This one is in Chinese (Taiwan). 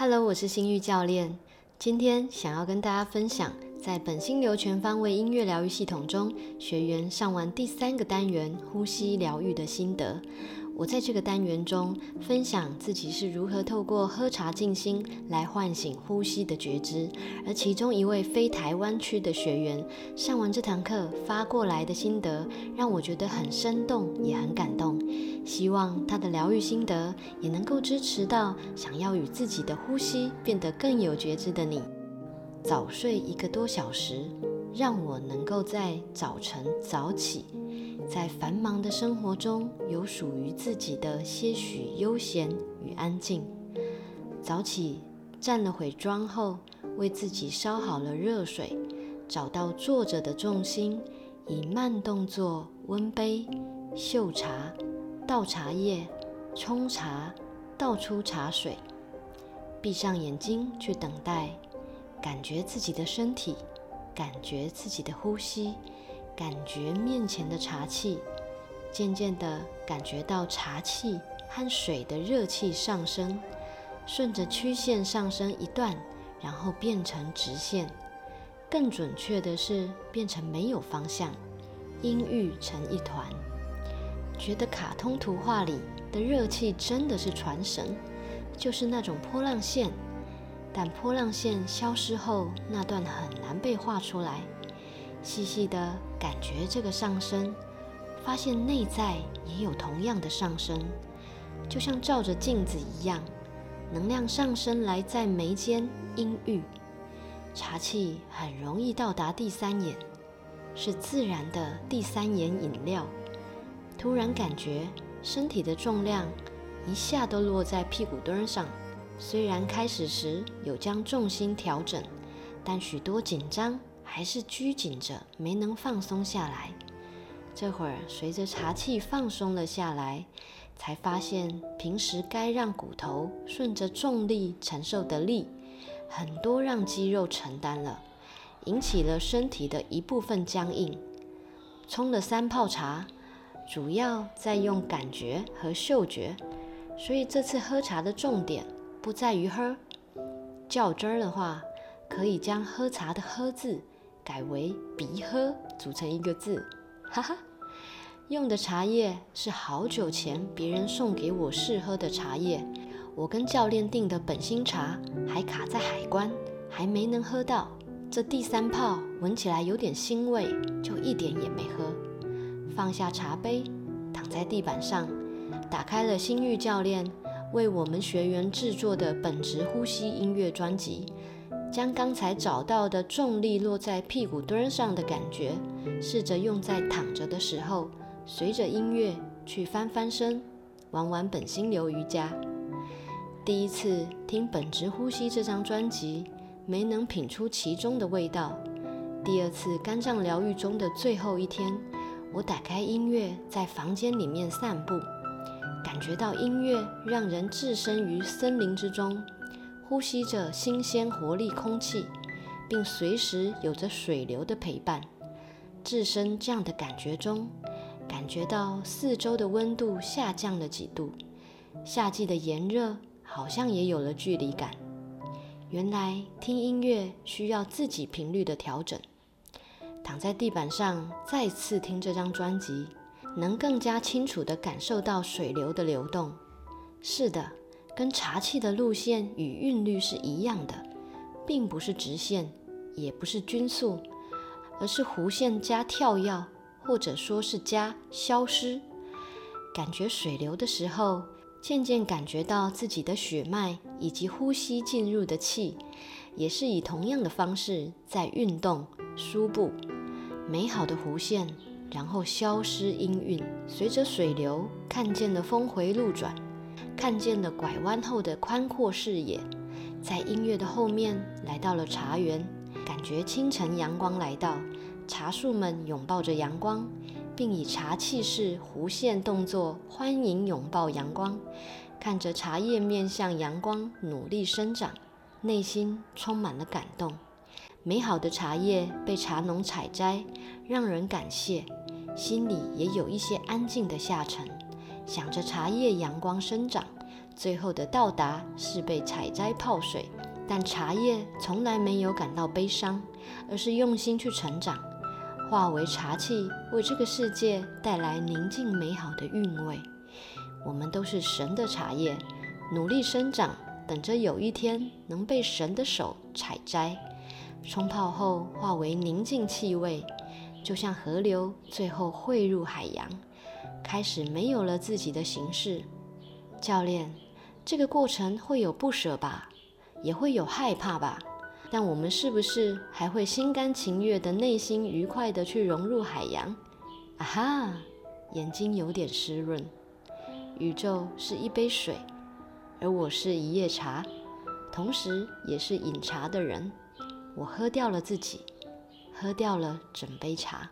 Hello，我是心玉教練。今天想要跟大家分享，在本心流全方位音樂療癒系統中，學員上完第三個單元呼吸療癒的心得。我在這個單元中分享自己是如何透過喝茶靜心來喚醒呼吸的覺知，而其中一位非台灣區的學員上完這堂課發過來的心得，讓我覺得很生動也很感動。希望他的療癒心得也能夠支持到想要與自己的呼吸變得更有覺知的你。早睡一個多小時，讓我能夠在早晨早起。在繁忙的生活中，有屬於自己的些許悠閒與安靜。早起，站了會兒妝後，為自己燒好了熱水，找到坐着的重心，以慢動作溫杯、嗅茶、倒茶葉、沖茶、倒出茶水，閉上眼睛去等待，感覺自己的身體，感覺自己的呼吸。感覺面前的茶氣，漸漸地感覺到茶氣和水的熱氣上升，順着曲線上升一段，然後變成直線。更準確的是，變成沒有方向，氤氳成一團。覺得卡通圖畫裡的熱氣真的是傳神，就是那種波浪線，但波浪線消失後，那段很難被畫出來。細細的感覺這個上升，發現內在也有同樣的上升，就像照着鏡子一樣，能量上升來在眉間氤氳，茶氣很容易到達第三眼，是自然的第三眼飲料。突然感覺身體的重量一下都落在屁股墩上，雖然開始時有將重心調整，但許多緊張。還是拘謹着，沒能放鬆下來。這會兒隨着茶氣放鬆了下來，才發現平時該讓骨頭順着重力承受的力，很多讓肌肉承擔了，引起了身體的一部分僵硬。沖了三泡茶，主要在用感覺和嗅覺，所以這次喝茶的重點不在於喝。較真兒的話，可以將喝茶的“喝”字，改為“鼻喝”組成一個字，哈哈。用的茶葉是好久前別人送給我試喝的茶葉，我跟教練訂的本心茶還卡在海關，還沒能喝到。這第三泡聞起來有點腥味，就一點也沒喝。放下茶杯，躺在地板上，打開了心域教練為我們學員制作的本職呼吸音樂專輯。將剛才找到的重力落在屁股墩上的感覺，試着用在躺着的時候，隨着音樂去翻翻身，玩玩本心流瑜伽。第一次聽《本直呼吸》這張專輯，沒能品出其中的味道。第二次肝臟療癒中的最後一天，我打開音樂，在房間裡面散步，感覺到音樂讓人置身於森林之中。呼吸着新鮮活力空氣，並隨時有着水流的陪伴，置身這樣的感覺中，感覺到四周的溫度下降了幾度，夏季的炎熱好像也有了距離感。原來聽音樂需要自己頻率的調整。躺在地板上再次聽這張專輯，能更加清楚地感受到水流的流動。是的。跟茶氣的路線與韻律是一樣的，並不是直線，也不是勻速，而是弧線加跳躍，或者說是加消失。感覺水流的時候，漸漸感覺到自己的血脈以及呼吸進入的氣，也是以同樣的方式在運動、舒布、美好的弧線，然後消失音韻，隨着水流看見的峰回路轉。看見了拐彎後的寬闊視野，在音樂的後面來到了茶園，感覺清晨陽光來到，茶樹們擁抱着陽光，並以茶氣式弧線動作歡迎擁抱陽光。看着茶葉面向陽光努力生長，內心充滿了感動。美好的茶葉被茶農採摘，讓人感謝，心裡也有一些安靜的下沉。想着茶葉陽光生長，最後的到達是被採摘泡水，但茶葉從來沒有感到悲傷，而是用心去成長，化為茶氣，為這個世界帶來寧靜美好的韻味。我們都是神的茶葉，努力生長，等着有一天能被神的手採摘，沖泡後化為寧靜氣味，就像河流最後匯入海洋。開始沒有了自己的形式，教練，這個過程會有不捨吧，也會有害怕吧，但我們是不是還會心甘情願的、內心愉快的去融入海洋？啊哈，眼睛有點濕潤。宇宙是一杯水，而我是一葉茶，同時也是飲茶的人。我喝掉了自己，喝掉了整杯茶。